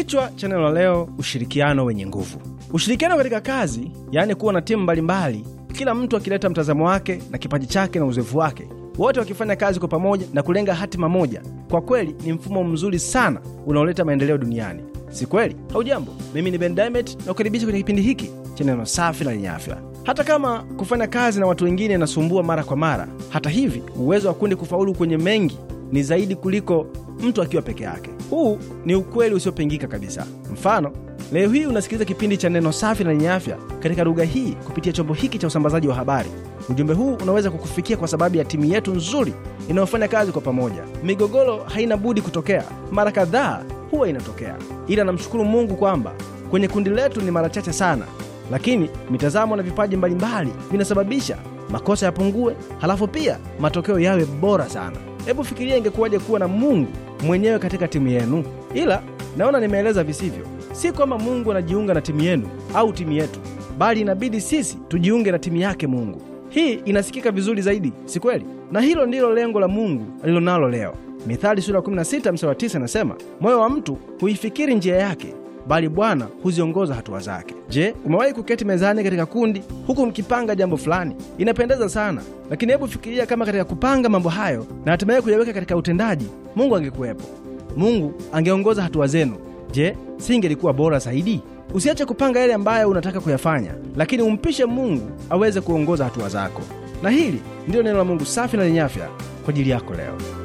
Kichwa cha neno la leo: ushirikiano wenye nguvu. Ushirikiano katika kazi, yaani kuwa na timu mbalimbali, kila mtu akileta mtazamo wake na kipaji chake na uzoefu wake, wote wakifanya kazi kwa pamoja na kulenga hatima moja, kwa kweli ni mfumo mzuri sana unaoleta maendeleo duniani, si kweli? Haujambo, mimi ni Ben Diamond na kukaribisha kwenye kipindi hiki cha neno safi na lenye afya. Hata kama kufanya kazi na watu wengine inasumbua mara kwa mara, hata hivi uwezo wa kundi kufaulu kwenye mengi ni zaidi kuliko mtu akiwa peke yake. Huu ni ukweli usiopingika kabisa. Mfano, leo hii unasikiliza kipindi cha Neno Safi na Lenye Afya katika lugha hii kupitia chombo hiki cha usambazaji wa habari. Ujumbe huu unaweza kukufikia kwa sababu ya timu yetu nzuri inayofanya kazi kwa pamoja. Migogoro haina budi kutokea, mara kadhaa huwa inatokea, ila namshukuru Mungu kwamba kwenye kundi letu ni mara chache sana, lakini mitazamo na vipaji mbalimbali vinasababisha makosa yapungue, halafu pia matokeo yawe bora sana. Hebu fikiria ingekuwaje kuwa na Mungu mwenyewe katika timu yenu, ila naona nimeeleza visivyo. Si kwamba Mungu anajiunga na timu yenu au timu yetu, bali inabidi sisi tujiunge na timu yake Mungu. Hii inasikika vizuri zaidi, si kweli? Na hilo ndilo lengo la Mungu alilonalo leo. Mithali sura 16 mstari wa 9 inasema, moyo wa mtu huifikiri njia yake, bali Bwana huziongoza hatua zake. Je, umewahi kuketi mezani katika kundi huku mkipanga jambo fulani? Inapendeza sana, lakini hebu fikiria kama katika kupanga mambo hayo na hatimaye kuyaweka katika utendaji, Mungu angekuwepo. Mungu angeongoza hatua zenu. Je, si ingelikuwa bora zaidi? Usiache kupanga yale ambayo unataka kuyafanya, lakini umpishe Mungu aweze kuongoza hatua zako. Na hili ndilo neno la Mungu safi na lenye afya kwa ajili yako leo.